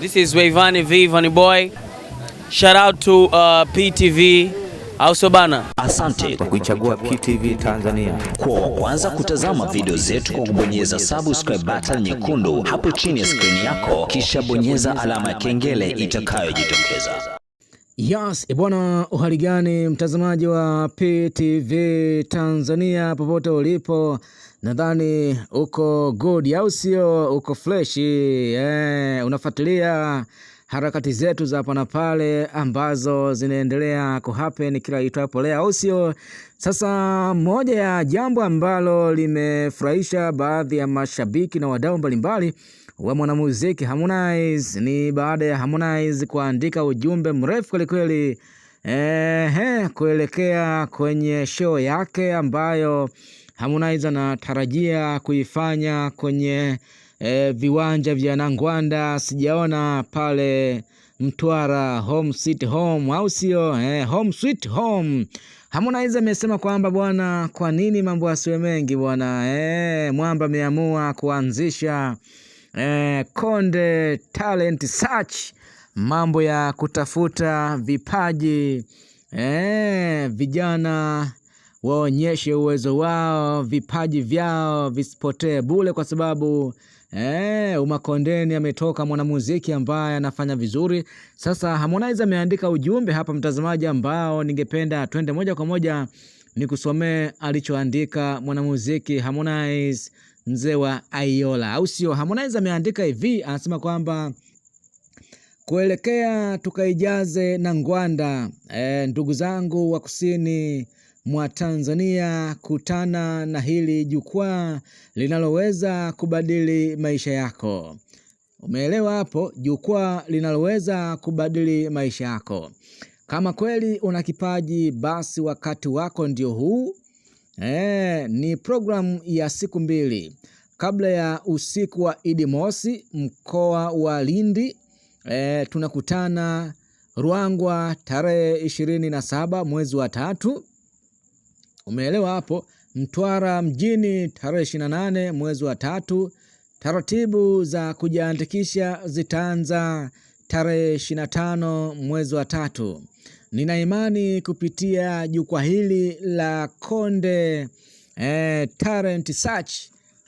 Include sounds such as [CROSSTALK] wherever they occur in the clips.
This is Wayvani V Vani Boy. Shout out to uh, PTV au bana? Asante kwa kuichagua PTV Tanzania. Kwa wa kwanza kutazama video zetu kwa kubonyeza subscribe button nyekundu hapo chini ya screen yako, kisha bonyeza alama ya kengele itakayojitokeza. Yes, e bwana, uhali gani mtazamaji wa PTV Tanzania popote ulipo, nadhani uko good au sio? Uko fresh eh, unafuatilia harakati zetu za hapa na pale ambazo zinaendelea happen kila itwapo leo, au sio? Sasa moja ya jambo ambalo limefurahisha baadhi ya mashabiki na wadau mbalimbali wa mwanamuziki Harmonize ni baada ya Harmonize kuandika ujumbe mrefu kwelikweli ehe, kuelekea kwenye show yake ambayo Harmonize anatarajia kuifanya kwenye e, viwanja vya Nangwanda, sijaona pale Mtwara, home sweet home, au sio? Eh, home sweet home. Harmonize amesema kwamba bwana, kwa nini mambo asiwe mengi bwana? Eh, mwamba ameamua kuanzisha eh, Konde Talent Search, mambo ya kutafuta vipaji eh, vijana waonyeshe uwezo wao, vipaji vyao visipotee bure, kwa sababu eh, Umakondeni ametoka mwanamuziki ambaye anafanya vizuri. Sasa Harmonize ameandika ujumbe hapa, mtazamaji, ambao ningependa twende moja kwa moja nikusomee alichoandika mwanamuziki Harmonize mzee wa Aiola, au sio? Harmonize ameandika hivi, anasema kwamba kuelekea tukaijaze na ngwanda e, ndugu zangu wa kusini mwa Tanzania, kutana na hili jukwaa linaloweza kubadili maisha yako. Umeelewa hapo? Jukwaa linaloweza kubadili maisha yako. Kama kweli una kipaji, basi wakati wako ndio huu E, ni programu ya siku mbili kabla ya usiku wa Idi Mosi mkoa wa Lindi. E, tunakutana Ruangwa tarehe ishirini na saba mwezi wa tatu, umeelewa hapo. Mtwara mjini tarehe ishirini na nane mwezi wa tatu. Taratibu za kujiandikisha zitaanza tarehe ishirini na tano mwezi wa tatu. Nina imani kupitia jukwaa hili la Konde eh, Talent Search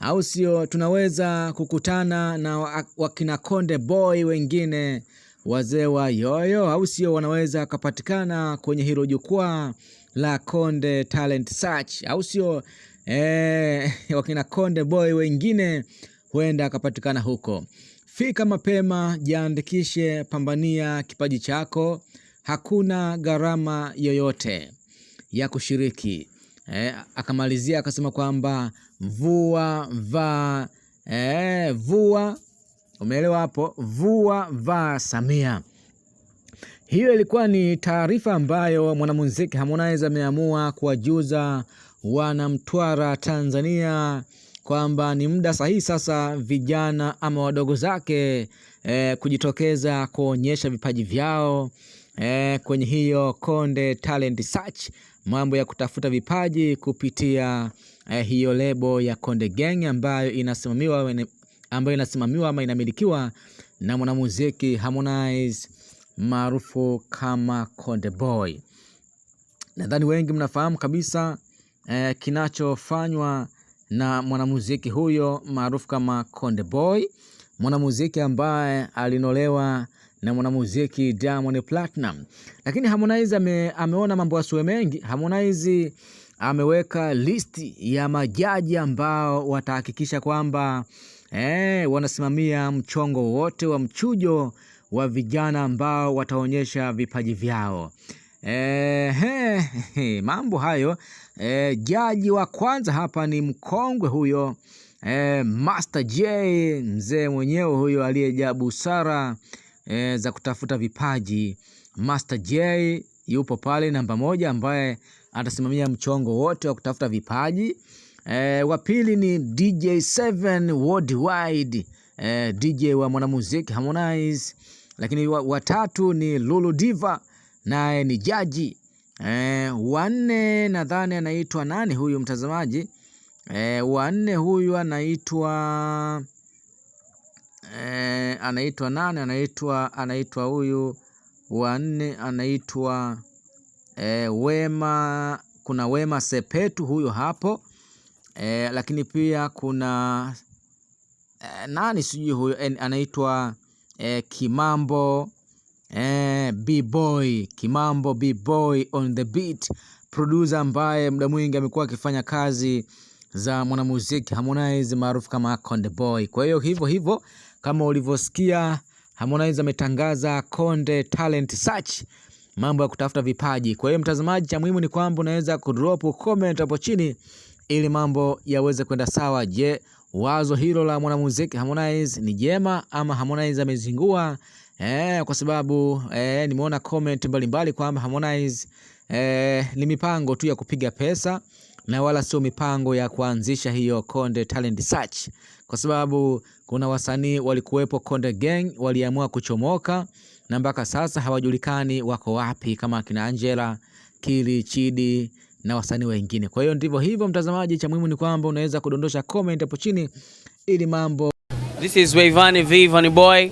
au sio, tunaweza kukutana na wakina Konde Boy wengine wazee wa yoyo au sio, wanaweza wakapatikana kwenye hilo jukwaa la Konde Talent Search au sio? Eh, [LAUGHS] wakina Konde Boy wengine huenda akapatikana huko. Fika mapema, jiandikishe, pambania kipaji chako hakuna gharama yoyote ya kushiriki. Eh, akamalizia akasema kwamba vua vaa eh, vua umeelewa hapo, vua vaa Samia. Hiyo ilikuwa ni taarifa ambayo mwanamuziki Harmonize ameamua kuwajuza wanamtwara Tanzania kwamba ni muda sahihi sasa vijana ama wadogo zake eh, kujitokeza kuonyesha vipaji vyao eh, kwenye hiyo Konde Talent Search, mambo ya kutafuta vipaji kupitia eh, hiyo lebo ya Konde Gang ambayo inasimamiwa ambayo inasimamiwa ama inamilikiwa na mwanamuziki Harmonize maarufu kama Konde Boy. Nadhani wengi mnafahamu kabisa eh, kinachofanywa na mwanamuziki huyo maarufu kama Konde Boy, mwanamuziki ambaye alinolewa na mwanamuziki Diamond Platinum. Lakini Harmonize ame, ameona mambo yasiwe mengi. Harmonize ameweka listi ya majaji ambao watahakikisha kwamba eh, wanasimamia mchongo wote wa mchujo wa vijana ambao wataonyesha vipaji vyao. Eh, eh mambo hayo eh, jaji wa kwanza hapa ni mkongwe huyo eh, Master J mzee mwenyewe huyo aliyejaa busara e, za kutafuta vipaji. Master J yupo pale namba moja, ambaye atasimamia mchongo wote wa kutafuta vipaji. E, wa pili ni DJ7 Worldwide, e, DJ wa mwanamuziki Harmonize, lakini watatu wa ni Lulu Diva naye ni jaji e, wanne nadhani anaitwa nani huyu mtazamaji e, wanne huyu anaitwa eh, anaitwa nani? Anaitwa anaitwa huyu wanne anaitwa eh, Wema. Kuna Wema Sepetu huyu hapo eh, lakini pia kuna eh, nani sijui huyu eh, anaitwa eh, Kimambo eh, B-boy Kimambo B-boy on the beat producer ambaye muda mwingi amekuwa akifanya kazi za mwanamuziki Harmonize maarufu kama Konde Boy. Kwa hiyo hivyo hivyo kama ulivyosikia, Harmonize ametangaza Konde Talent Search, mambo ya kutafuta vipaji. Kwa hiyo mtazamaji, cha muhimu ni kwamba unaweza kudrop comment hapo chini ili mambo yaweze kwenda sawa. Je, wazo hilo la mwanamuziki Harmonize ni jema ama Harmonize amezingua? Eh, kwa sababu eh, nimeona comment mbalimbali kwamba Harmonize eh, ni mipango tu ya kupiga pesa na wala sio mipango ya kuanzisha hiyo Konde Talent Search, kwa sababu kuna wasanii walikuwepo Konde Gang waliamua kuchomoka na mpaka sasa hawajulikani wako wapi, kama akina Angela Kili, Chidi na wasanii wengine. Kwa hiyo ndivyo hivyo, mtazamaji, cha muhimu ni kwamba unaweza kudondosha comment hapo chini ili mambo. This is Wayvani V Boy.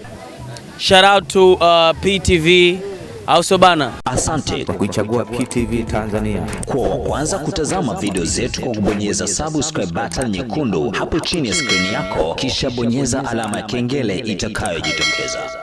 Shout out to uh, PTV au sio bana? Asante kwa kuichagua PTV Tanzania. Kwa wa kwanza kutazama video zetu kwa kubonyeza subscribe button nyekundu hapo chini ya skrini yako, kisha bonyeza alama ya kengele itakayojitokeza.